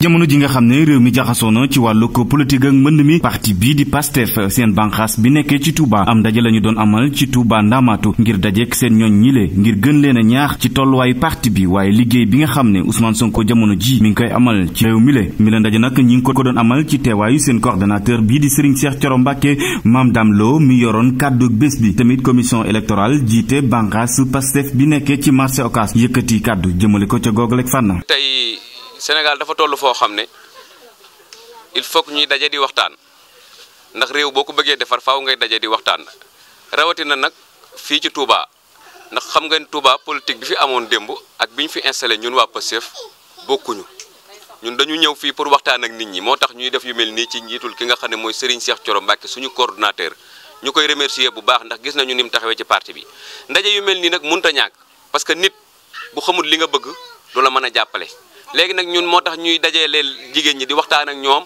jamono ji nga xam ne réew mi jaxasoo na ci wàllu ko politique ak mbënd mi parti bii di PASTEF seen banqaas bi nekkee ci Touba am daje la ñu doon amal ci Touba Ndamaatu ngir dajeek seen ñooñ ñile ngir gën leen a ñaax ci tolluwaayu parti bi waaye liggéey bi nga xam ne Ousmane Sonko jamono ji mi ngi koy amal ci réew mi le mi la ndaje nag ñi ngi ko doon amal ci teewaayu seen coordonnateur bii di Serigne Cheikh Thioro Mbacké Mame Dame Lo mi yoroon kàddu bés bi tamit commission électorale jiite banqaas PASTEF bi nekkee ci marché Ocass yëkkati kàddu jëmale ko ca googalek fànn tey Sénégal dafa toll foo xam ne il faut ñuy daje di waxtaan ndax réew boo ko bëggee defar faw ngay daje di waxtaan rawatina nag fii ci Touba ndax xam nga ngeen Touba politique bi fi amoon démb ak bi ñu fi installé ñun waa Pastef bokkuñu ñun dañu ñëw fii pour waxtaan ak nit ñi moo tax ñuy def yu mel nii ci njiitul ki nga xam ne mooy Serigne Cheikh Thioro Mbacké suñu coordonnateur ñu koy remercier bu baax ndax gis nañu ni mu taxawee ci parti bi ndaje yu mel nii nag mënut a parce que nit bu xamul li nga bëgg du la mën a jàppale. léegi nag ñun moo tax ñuy dajeeleel jigéen ñi di waxtaan ak ñoom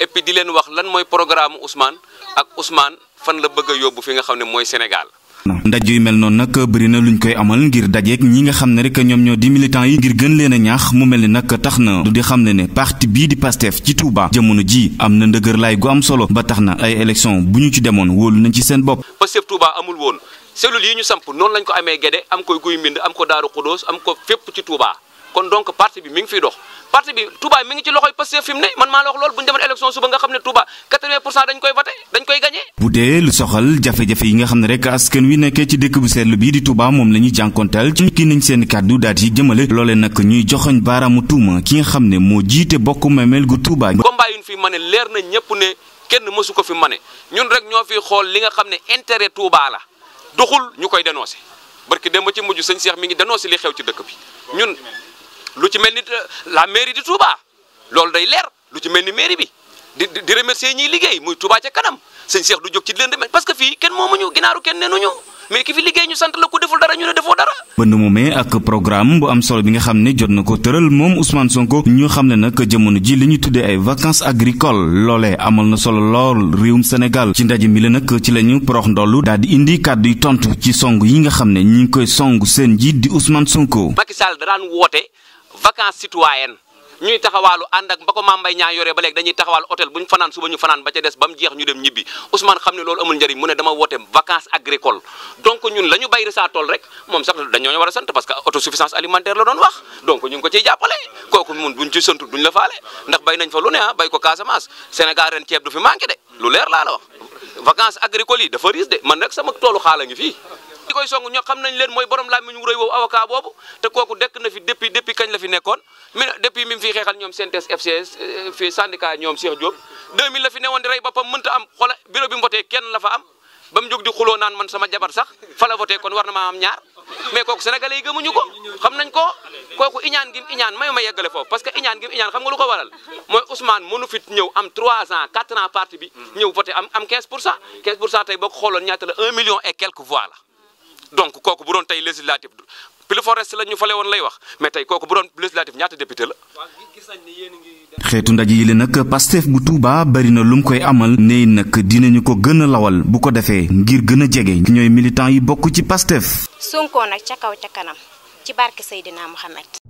et di leen wax lan mooy programme Ousmane ak Ousmane fan la bëgg a yóbbu fi nga xam ne mooy Sénégal. ndaj yu mel noonu nag bëri na luñ koy amal ngir dajeeg ñi nga xam ne rek ñoom ñoo di militants yi ngir gën leen a ñaax mu mel ni nag tax na du di xam ne ne parti bii di Pastef ci Touba jamono ji am na ndëgër laay gu am solo ba tax na ay élection bu ñu ci demoon wóolu nañ ci seen bopp. Pastef Touba amul woon cellule yi ñu samp lañ ko amee Gédé am ko Guy Mbind am ko Daaru Xudóos am ko fépp ci Touba kon donc parti bi mi ngi fiy dox parti bi Touba mi ngi ci loxoy Pastef fi mu ne man maa la wax loolu bu ñu demoon élection suba nga xam ne Touba 80 pour cent dañ koy voté dañ koy gagné. bu dee lu soxal jafe-jafe yi nga xam ne rek askan wi nekkee ci dëkk bu seetlu bii di Touba moom la ñuy jànkonteel ci kii nañ seen kàddu daal di jëmale loole nag ñuy joxoñ baaraamu tuuma ki nga xam ne moo jiite bokk memeel gu Touba. combat yi fi mane leer na ñëpp ne kenn mësu ko fi ma ñun rek ñoo fiy xool li nga xam ne intérêt Touba la doxul ñu koy dénoncé barki démb ci mujj sëñ Cheikh mi ngi dénoncé li xew ci dëkk bi lu ci mel ni euh, la mairie di Touba loolu day leer lu ci mel ni mairie bi di di remercier ñiy liggéey muy Touba ca kanam sëñ Cheikh du jóg ci di leen remercier parce que fii kenn moomuñu ginaaru kenn nenuñu mais ki fi liggéey ñu sant la ko deful dara ñu ne defoo dara. mbënd mu mee ak programme bu am solo bi nga xam ne jot na ko tëral moom Ousmane Sonko ñu xam ne nag jamono ji li ñu tuddee ay vacances agricoles loolee amal na solo lool réewum Sénégal ci ndaje mi la nag ci la ñu porox ndollu daal di indi kàddu yu tontu ci song yi nga xam ne ñi ngi koy song seen njiit di Ousmane Sonko. vacances citoyennes ñuy taxawaalu ànd ak ba ko Mame Mbaye Niang yoree ba léegi dañuy taxawaalu hôtel bu fanaan suba fanaan ba ca des ba mu jeex ñu dem ñibbi Ousmane xam ne loolu amul njëriñ mu ne dama woote vacances agricoles donc ñun la ñu bay sa tool rek moom sax dañoo war a sant parce que autosuffisance alimentaire la doon wax donc ñu ngi ko ciy jàppale kooku mun buñ ci sant duñ la faale ndax bay nañ fa lu ne ah bay ko Casamance Sénégal ren ceeb du fi manqué de lu leer laa la vacances agricoles yi dafa riis de man nag sama toolu xaala ngi fii ñi koy song ñoo xam nañ leen mooy borom laaj mi ñu rëy woowu avocat boobu te kooku dekk na fi depuis depuis kañ la fi nekkoon mi depuis mi mu fi xeexal ñoom CNTS FCS fii syndicat ñoom Cheikh Diop 2000 la fi newoon di rey boppam mënta am xoola bureau bi mu voté kenn la am ba mu jóg di xuloo naan man sama jabar sax fa la kon war na am ñaar mais kooku sénégalais yi gëmuñu ko xam nañ ko kooku iñaan gi mu iñaan mayu ma yeggale foofu parce que iñaan gi mu iñaan xam nga lu ko waral mooy Ousmane mënu fit ñëw am 3 ans 4 ans parti bi ñëw voté am am 15 pour cent 15 pour cent tey boo ko xooloon ñaata million et quelques voix donc kooku bu tey législative plus forest la ñu fale woon lay tey kooku bu doon législatif xeetu ndaje yi la nag Pastef bu Touba bari na lu mu koy amal ne nag dinañu ko gën a lawal bu ko defee ngir gën a jege ñooy militant yi bokk ci Pastef. Sonko nag ca kaw ca kanam ci barke Seydina Mohamed.